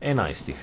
enajstih.